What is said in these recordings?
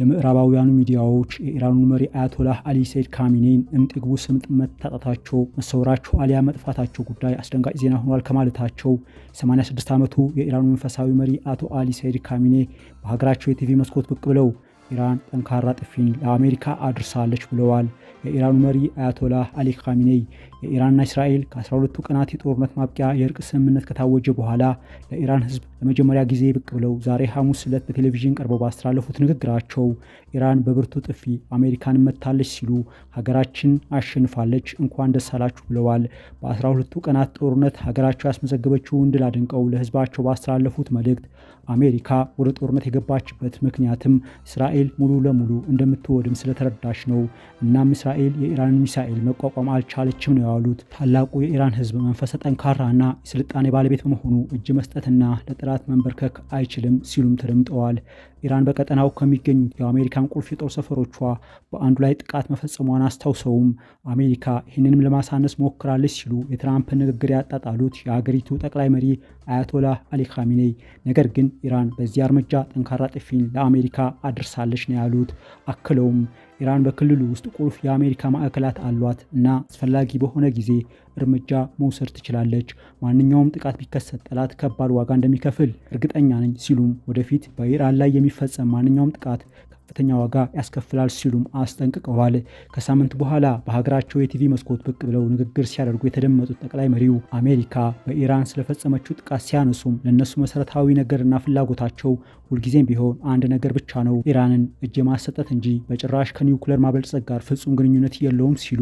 የምዕራባውያኑ ሚዲያዎች የኢራኑን መሪ አያቶላህ አሊ ሰይድ ካሚኔን እምጥግቡ ስምጥ መታጣታቸው መሰወራቸው አሊያ መጥፋታቸው ጉዳይ አስደንጋጭ ዜና ሆኗል ከማለታቸው 86 ዓመቱ የኢራኑ መንፈሳዊ መሪ አቶ አሊ ሰይድ ካሚኔ በሀገራቸው የቲቪ መስኮት ብቅ ብለው ኢራን ጠንካራ ጥፊን ለአሜሪካ አድርሳለች ብለዋል። የኢራኑ መሪ አያቶላህ አሊ ካሚኔይ የኢራንና እስራኤል ከ12ቱ ቀናት የጦርነት ማብቂያ የእርቅ ስምምነት ከታወጀ በኋላ ለኢራን ህዝብ ለመጀመሪያ ጊዜ ብቅ ብለው ዛሬ ሐሙስ ዕለት በቴሌቪዥን ቀርበው ባስተላለፉት ንግግራቸው ኢራን በብርቱ ጥፊ አሜሪካን መታለች ሲሉ ሀገራችን አሸንፋለች እንኳን ደስ አላችሁ ብለዋል። በ12ቱ ቀናት ጦርነት ሀገራቸው ያስመዘገበችውን ድል አድንቀው ለህዝባቸው ባስተላለፉት መልእክት አሜሪካ ወደ ጦርነት የገባችበት ምክንያትም እስራኤል ሙሉ ለሙሉ እንደምትወድም ስለተረዳች ነው። እናም እስራኤል የኢራንን ሚሳኤል መቋቋም አልቻለችም ነው ያሉት ታላቁ የኢራን ህዝብ መንፈሰ ጠንካራ እና የስልጣኔ ባለቤት በመሆኑ እጅ መስጠትና ለጥራት መንበርከክ አይችልም ሲሉም ተደምጠዋል። ኢራን በቀጠናው ከሚገኙት የአሜሪካን ቁልፍ የጦር ሰፈሮቿ በአንዱ ላይ ጥቃት መፈጸሟን አስታውሰውም አሜሪካ ይህንንም ለማሳነስ ሞክራለች ሲሉ የትራምፕ ንግግር ያጣጣሉት የሀገሪቱ ጠቅላይ መሪ አያቶላ አሊ ካሚኔይ፣ ነገር ግን ኢራን በዚህ እርምጃ ጠንካራ ጥፊን ለአሜሪካ አድርሳለች ነው ያሉት። አክለውም ኢራን በክልሉ ውስጥ ቁልፍ የአሜሪካ ማዕከላት አሏት እና አስፈላጊ በሆነ ጊዜ እርምጃ መውሰድ ትችላለች። ማንኛውም ጥቃት ቢከሰት ጠላት ከባድ ዋጋ እንደሚከፍል እርግጠኛ ነኝ ሲሉም ወደፊት በኢራን ላይ የሚፈጸም ማንኛውም ጥቃት ከፍተኛ ዋጋ ያስከፍላል ሲሉም አስጠንቅቀዋል። ከሳምንት በኋላ በሀገራቸው የቲቪ መስኮት ብቅ ብለው ንግግር ሲያደርጉ የተደመጡት ጠቅላይ መሪው አሜሪካ በኢራን ስለፈጸመችው ጥቃት ሲያነሱም ለእነሱ መሰረታዊ ነገርና ፍላጎታቸው ሁልጊዜም ቢሆን አንድ ነገር ብቻ ነው፣ ኢራንን እጅ የማሰጠት እንጂ በጭራሽ ከኒውክለር ማበልጸግ ጋር ፍጹም ግንኙነት የለውም ሲሉ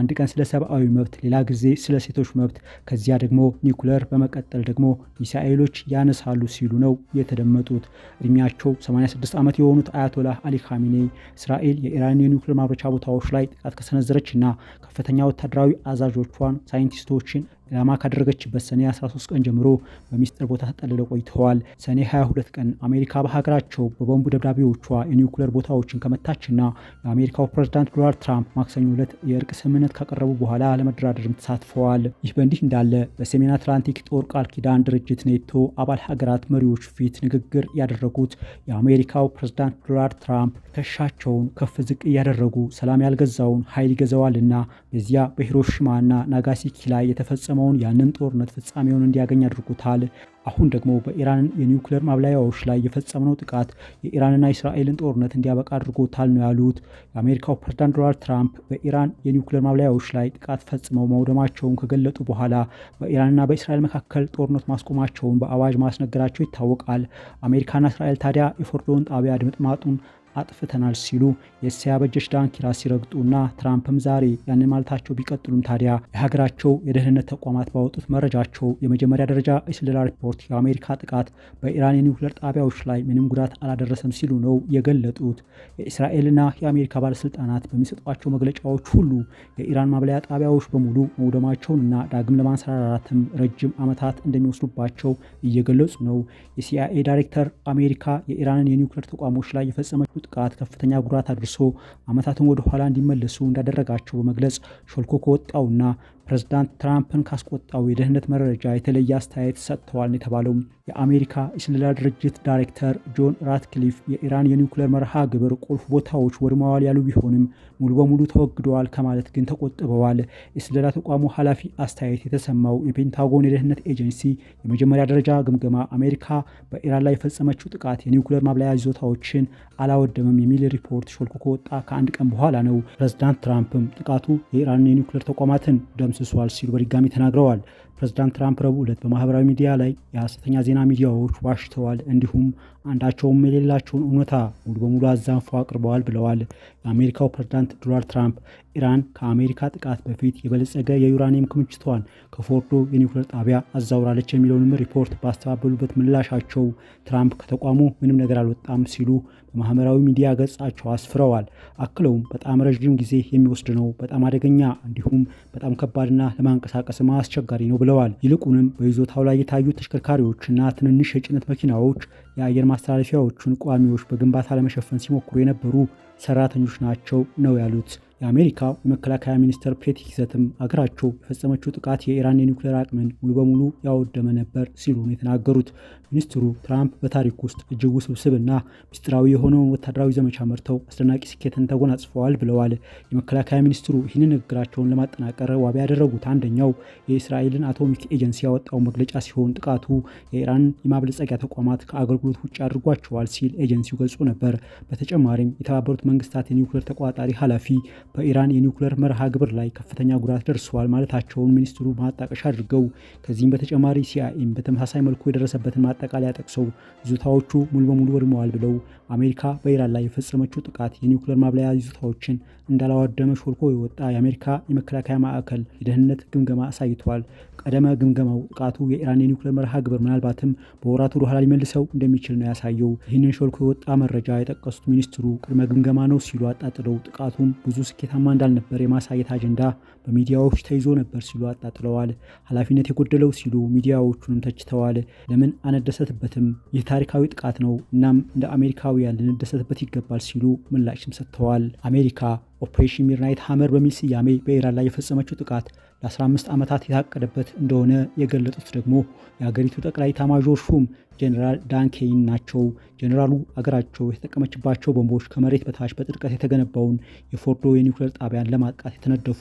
አንድ ቀን ስለ ሰብአዊ መብት፣ ሌላ ጊዜ ስለ ሴቶች መብት፣ ከዚያ ደግሞ ኒውክለር በመቀጠል ደግሞ ሚሳኤሎች ያነሳሉ ሲሉ ነው የተደመጡት። እድሜያቸው 86 ዓመት የሆኑት አያቶላህ አሊ ካሚኔ እስራኤል የኢራን የኒውክሌር ማምረቻ ቦታዎች ላይ ጥቃት ከሰነዘረች እና ከፍተኛ ወታደራዊ አዛዦቿን፣ ሳይንቲስቶችን ኢላማ ካደረገችበት ሰኔ 13 ቀን ጀምሮ በሚስጥር ቦታ ተጠልለው ቆይተዋል። ሰኔ 22 ቀን አሜሪካ በሀገራቸው በቦምቡ ደብዳቤዎቿ የኒውክሌር ቦታዎችን ከመታችና የአሜሪካው ፕሬዝዳንት ዶናልድ ትራምፕ ማክሰኞ ዕለት የእርቅ ስምምነት ካቀረቡ በኋላ ለመደራደርም ተሳትፈዋል። ይህ በእንዲህ እንዳለ በሰሜን አትላንቲክ ጦር ቃል ኪዳን ድርጅት ኔቶ አባል ሀገራት መሪዎች ፊት ንግግር ያደረጉት የአሜሪካው ፕሬዝዳንት ዶናልድ ትራምፕ ትከሻቸውን ከፍ ዝቅ እያደረጉ ሰላም ያልገዛውን ኃይል ይገዛዋልና በዚያ በሂሮሽማና ናጋሲኪ ላይ የተፈጸመ የተፈጸመውን ያንን ጦርነት ፍጻሜውን እንዲያገኝ አድርጎታል። አሁን ደግሞ በኢራን የኒውክሌር ማብላያዎች ላይ የፈጸምነው ጥቃት የኢራንና እስራኤልን ጦርነት እንዲያበቃ አድርጎታል ነው ያሉት። የአሜሪካው ፕሬዝዳንት ዶናልድ ትራምፕ በኢራን የኒውክሌር ማብላያዎች ላይ ጥቃት ፈጽመው መውደማቸውን ከገለጡ በኋላ በኢራንና በእስራኤል መካከል ጦርነት ማስቆማቸውን በአዋጅ ማስነገራቸው ይታወቃል። አሜሪካና እስራኤል ታዲያ የፎርዶን ጣቢያ ድምጥማጡን አጥፍተናል ሲሉ በጀሽ ዳንኪራ ሲረግጡና ትራምፕም ዛሬ ያንን ማለታቸው ቢቀጥሉም ታዲያ የሀገራቸው የደህንነት ተቋማት ባወጡት መረጃቸው የመጀመሪያ ደረጃ የስለላ ሪፖርት የአሜሪካ ጥቃት በኢራን የኒውክለር ጣቢያዎች ላይ ምንም ጉዳት አላደረሰም ሲሉ ነው የገለጡት። የእስራኤልና የአሜሪካ ባለስልጣናት በሚሰጧቸው መግለጫዎች ሁሉ የኢራን ማብለያ ጣቢያዎች በሙሉ መውደማቸውንና ዳግም ለማንሰራራትም ረጅም ዓመታት እንደሚወስዱባቸው እየገለጹ ነው። የሲአይኤ ዳይሬክተር አሜሪካ የኢራንን የኒውክለር ተቋሞች ላይ የፈጸመችው ጥቃት ከፍተኛ ጉዳት አድርሶ ዓመታትን ወደኋላ እንዲመለሱ እንዳደረጋቸው በመግለጽ ሾልኮ ከወጣውና ፕሬዚዳንት ትራምፕን ካስቆጣው የደህንነት መረጃ የተለየ አስተያየት ሰጥተዋል የተባለው የአሜሪካ የስለላ ድርጅት ዳይሬክተር ጆን ራትክሊፍ የኢራን የኒውክሌር መርሃ ግብር ቁልፍ ቦታዎች ወድመዋል ያሉ ቢሆንም ሙሉ በሙሉ ተወግደዋል ከማለት ግን ተቆጥበዋል። የስለላ ተቋሙ ኃላፊ አስተያየት የተሰማው የፔንታጎን የደህንነት ኤጀንሲ የመጀመሪያ ደረጃ ግምገማ አሜሪካ በኢራን ላይ የፈጸመችው ጥቃት የኒውክሌር ማብላያ ይዞታዎችን አላወደመም የሚል ሪፖርት ሾልኮ ከወጣ ከአንድ ቀን በኋላ ነው። ፕሬዝዳንት ትራምፕም ጥቃቱ የኢራን የኒውክሌር ተቋማትን ደምስ ደምስሷል ሲሉ በድጋሚ ተናግረዋል። ፕሬዚዳንት ትራምፕ ረቡዕ ዕለት በማህበራዊ ሚዲያ ላይ የሐሰተኛ ዜና ሚዲያዎች ዋሽተዋል፣ እንዲሁም አንዳቸውም የሌላቸውን እውነታ ሙሉ በሙሉ አዛንፈው አቅርበዋል ብለዋል። የአሜሪካው ፕሬዚዳንት ዶናልድ ትራምፕ ኢራን ከአሜሪካ ጥቃት በፊት የበለጸገ የዩራኒየም ክምችቷን ከፎርዶ የኒውክሌር ጣቢያ አዛውራለች የሚለውንም ሪፖርት ባስተባበሉበት ምላሻቸው ትራምፕ ከተቋሙ ምንም ነገር አልወጣም ሲሉ በማህበራዊ ሚዲያ ገጻቸው አስፍረዋል። አክለውም በጣም ረዥም ጊዜ የሚወስድ ነው፣ በጣም አደገኛ እንዲሁም በጣም ከባድና ለማንቀሳቀስ አስቸጋሪ ነው ብለዋል። ይልቁንም በይዞታው ላይ የታዩ ተሽከርካሪዎችና ትንንሽ የጭነት መኪናዎች የአየር ማስተላለፊያዎቹን ቋሚዎች በግንባታ ለመሸፈን ሲሞክሩ የነበሩ ሰራተኞች ናቸው ነው ያሉት። የአሜሪካ የመከላከያ ሚኒስትር ፔቲ ሄግሴትም አገራቸው የፈጸመችው ጥቃት የኢራን የኒውክሌር አቅምን ሙሉ በሙሉ ያወደመ ነበር ሲሉ ነው የተናገሩት። ሚኒስትሩ ትራምፕ በታሪክ ውስጥ እጅግ ውስብስብና ምስጢራዊ የሆነውን ወታደራዊ ዘመቻ መርተው አስደናቂ ስኬትን ተጎናጽፈዋል ብለዋል። የመከላከያ ሚኒስትሩ ይህንን ንግግራቸውን ለማጠናቀር ዋቢ ያደረጉት አንደኛው የእስራኤልን አቶሚክ ኤጀንሲ ያወጣው መግለጫ ሲሆን ጥቃቱ የኢራን የማበለጸጊያ ተቋማት ከአገልግሎት ውጭ አድርጓቸዋል ሲል ኤጀንሲው ገልጾ ነበር። በተጨማሪም የተባበሩት መንግስታት የኒውክሌር ተቆጣጣሪ ኃላፊ በኢራን የኒውክሌር መርሃ ግብር ላይ ከፍተኛ ጉዳት ደርሰዋል። ማለታቸውን ሚኒስትሩ ማጣቀሻ አድርገው ከዚህም በተጨማሪ ሲአይኤም በተመሳሳይ መልኩ የደረሰበትን ማጠቃለያ ጠቅሰው ይዞታዎቹ ሙሉ በሙሉ ወድመዋል ብለው አሜሪካ በኢራን ላይ የፈጸመችው ጥቃት የኒውክሌር ማብላያ ይዞታዎችን እንዳላወደመ ሾልኮ የወጣ የአሜሪካ የመከላከያ ማዕከል የደህንነት ግምገማ አሳይቷል። ቀደመ ግምገማው ጥቃቱ የኢራን የኒውክሌር መርሃ ግብር ምናልባትም በወራቱ ወደ ኋላ ሊመልሰው እንደሚችል ነው ያሳየው። ይህንን ሾልኮ የወጣ መረጃ የጠቀሱት ሚኒስትሩ ቅድመ ግምገማ ነው ሲሉ አጣጥለው ጥቃቱም ብዙ ስኬታማ እንዳልነበር የማሳየት አጀንዳ በሚዲያዎች ተይዞ ነበር ሲሉ አጣጥለዋል። ኃላፊነት የጎደለው ሲሉ ሚዲያዎቹንም ተችተዋል። ለምን አነደሰትበትም? ይህ ታሪካዊ ጥቃት ነው። እናም እንደ አሜሪካውያን ልንደሰትበት ይገባል ሲሉ ምላሽም ሰጥተዋል። አሜሪካ ኦፕሬሽን ሚድናይት ሀመር በሚል ስያሜ በኢራን ላይ የፈጸመችው ጥቃት ለ15 ዓመታት የታቀደበት እንደሆነ የገለጡት ደግሞ የሀገሪቱ ጠቅላይ ኤታማዦር ሹም ጀኔራል ዳንኬይን ናቸው። ጀኔራሉ አገራቸው የተጠቀመችባቸው ቦምቦች ከመሬት በታች በጥልቀት የተገነባውን የፎርዶ የኒውክሌር ጣቢያን ለማጥቃት የተነደፉ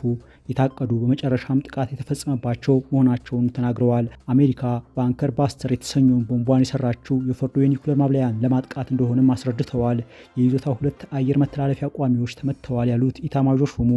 የታቀዱ፣ በመጨረሻም ጥቃት የተፈጸመባቸው መሆናቸውን ተናግረዋል። አሜሪካ በአንከር ባስተር የተሰኘውን ቦምቧን የሰራችው የፎርዶ የኒውክሌር ማብለያን ለማጥቃት እንደሆነም አስረድተዋል። የይዞታ ሁለት አየር መተላለፊያ ቋሚዎች ተመትተዋል ያሉት ኢታማዦር ሹሙ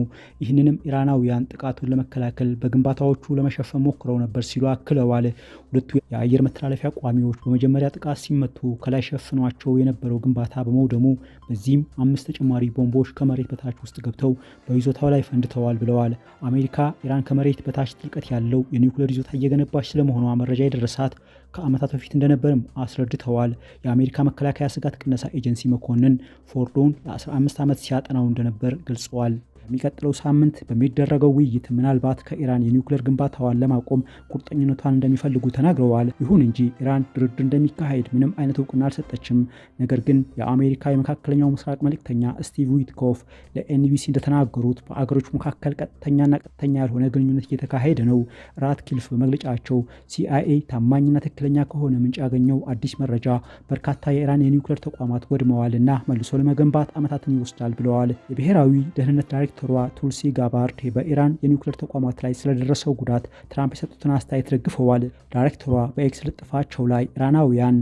ይህንንም ኢራናውያን ጥቃቱን ለመከላከል በግንባታዎቹ ለመሸፈን ሞክረው ነበር ሲሉ አክለዋል። ሁለቱ የአየር መተላለፊያ ቋሚዎች በመጀመሪያ ጥቃት ሲመቱ ከላይ ሸፍኗቸው የነበረው ግንባታ በመውደሙ በዚህም አምስት ተጨማሪ ቦምቦች ከመሬት በታች ውስጥ ገብተው በይዞታው ላይ ፈንድተዋል ብለዋል። አሜሪካ ኢራን ከመሬት በታች ጥልቀት ያለው የኒውክሌር ይዞታ እየገነባች ስለመሆኗ መረጃ የደረሳት ከዓመታት በፊት እንደነበርም አስረድተዋል። የአሜሪካ መከላከያ ስጋት ቅነሳ ኤጀንሲ መኮንን ፎርዶን ለ15 ዓመት ሲያጠናው እንደነበር ገልጸዋል። በሚቀጥለው ሳምንት በሚደረገው ውይይት ምናልባት ከኢራን የኒውክሌር ግንባታዋን ለማቆም ቁርጠኝነቷን እንደሚፈልጉ ተናግረዋል። ይሁን እንጂ ኢራን ድርድር እንደሚካሄድ ምንም አይነት እውቅና አልሰጠችም። ነገር ግን የአሜሪካ የመካከለኛው ምስራቅ መልእክተኛ ስቲቭ ዊትኮፍ ለኤንቢሲ እንደተናገሩት በአገሮች መካከል ቀጥተኛና ቀጥተኛ ያልሆነ ግንኙነት እየተካሄደ ነው። ራትኪልፍ በመግለጫቸው ሲአይኤ ታማኝና ትክክለኛ ከሆነ ምንጭ ያገኘው አዲስ መረጃ በርካታ የኢራን የኒውክሌር ተቋማት ወድመዋል እና መልሶ ለመገንባት ዓመታትን ይወስዳል ብለዋል። የብሔራዊ ደህንነት ዳይሬክተር ዳይሬክተሯ ቱልሲ ጋባርድ በኢራን የኒውክሌር ተቋማት ላይ ስለደረሰው ጉዳት ትራምፕ የሰጡትን አስተያየት ደግፈዋል። ዳይሬክተሯ በኤክስ ልጥፋቸው ላይ ኢራናውያን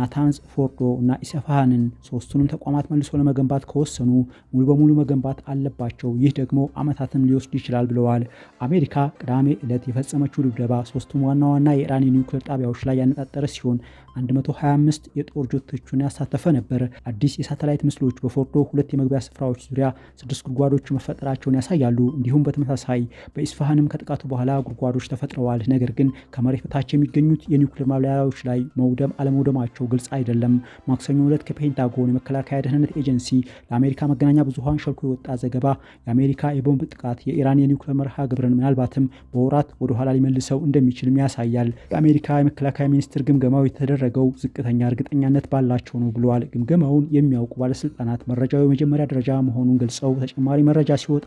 ናታንስ ፎርዶ እና ኢሰፋሃንን ሶስቱንም ተቋማት መልሶ ለመገንባት ከወሰኑ ሙሉ በሙሉ መገንባት አለባቸው። ይህ ደግሞ ዓመታትን ሊወስድ ይችላል ብለዋል። አሜሪካ ቅዳሜ ዕለት የፈጸመችው ድብደባ ሶስቱም ዋና ዋና የኢራን የኒውክሌር ጣቢያዎች ላይ ያነጣጠረ ሲሆን 125 የጦር ጆቶችን ያሳተፈ ነበር። አዲስ የሳተላይት ምስሎች በፎርዶ ሁለት የመግቢያ ስፍራዎች ዙሪያ ስድስት ጉድጓዶች መፈጠራቸውን ያሳያሉ። እንዲሁም በተመሳሳይ በኢስፋሃንም ከጥቃቱ በኋላ ጉድጓዶች ተፈጥረዋል። ነገር ግን ከመሬት በታች የሚገኙት የኒውክሌር ማብላያዎች ላይ መውደም አለመውደማቸው መሆናቸው ግልጽ አይደለም። ማክሰኞ ዕለት ከፔንታጎን የመከላከያ ደህንነት ኤጀንሲ ለአሜሪካ መገናኛ ብዙሀን ሸልኮ የወጣ ዘገባ የአሜሪካ የቦምብ ጥቃት የኢራን የኒውክሌር መርሃ ግብርን ምናልባትም በወራት ወደኋላ ሊመልሰው እንደሚችልም ያሳያል። የአሜሪካ የመከላከያ ሚኒስትር ግምገማው የተደረገው ዝቅተኛ እርግጠኛነት ባላቸው ነው ብለዋል። ግምገማውን የሚያውቁ ባለስልጣናት መረጃው የመጀመሪያ ደረጃ መሆኑን ገልጸው ተጨማሪ መረጃ ሲወጣ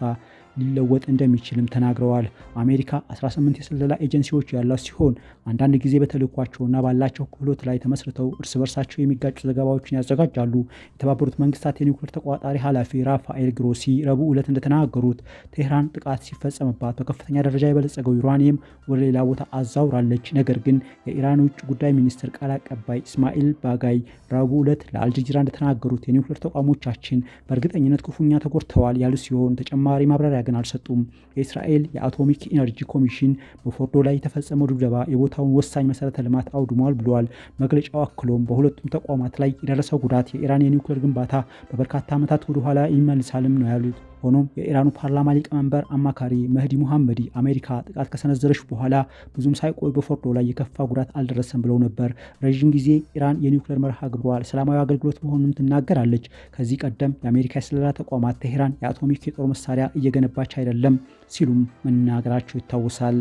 ሊለወጥ እንደሚችልም ተናግረዋል። አሜሪካ 18 የስለላ ኤጀንሲዎች ያሏት ሲሆን አንዳንድ ጊዜ በተልኳቸውና ባላቸው ክህሎት ላይ ተመስርተው እርስ በርሳቸው የሚጋጩ ዘገባዎችን ያዘጋጃሉ። የተባበሩት መንግስታት የኒውክሌር ተቆጣጣሪ ኃላፊ ራፋኤል ግሮሲ ረቡዕ ዕለት እንደተናገሩት ቴህራን ጥቃት ሲፈጸምባት በከፍተኛ ደረጃ የበለጸገው ዩራኒየም ወደ ሌላ ቦታ አዛውራለች። ነገር ግን የኢራን ውጭ ጉዳይ ሚኒስትር ቃል አቀባይ እስማኤል ባጋይ ረቡዕ ዕለት ለአልጀዚራ እንደተናገሩት የኒውክሌር ተቋሞቻችን በእርግጠኝነት ክፉኛ ተጎድተዋል ያሉ ሲሆን ተጨማሪ ማብራሪያ ግን አልሰጡም። የእስራኤል የአቶሚክ ኢነርጂ ኮሚሽን በፎርዶ ላይ የተፈጸመው ድብደባ የቦታውን ወሳኝ መሰረተ ልማት አውድሟል ብለዋል። መግለጫው አክሎም በሁለቱም ተቋማት ላይ የደረሰው ጉዳት የኢራን የኒውክሌር ግንባታ በበርካታ ዓመታት ወደኋላ ይመልሳልም ነው ያሉት። ሆኖም የኢራኑ ፓርላማ ሊቀመንበር አማካሪ መህዲ ሙሐመዲ አሜሪካ ጥቃት ከሰነዘረች በኋላ ብዙም ሳይቆይ በፎርዶ ላይ የከፋ ጉዳት አልደረሰም ብለው ነበር። ረዥም ጊዜ ኢራን የኒውክሌር መርሃ ግብረዋል ሰላማዊ አገልግሎት መሆኑን ትናገራለች። ከዚህ ቀደም የአሜሪካ የስለላ ተቋማት ቴሄራን የአቶሚክ የጦር መሳሪያ እየገነባች አይደለም ሲሉም መናገራቸው ይታወሳል።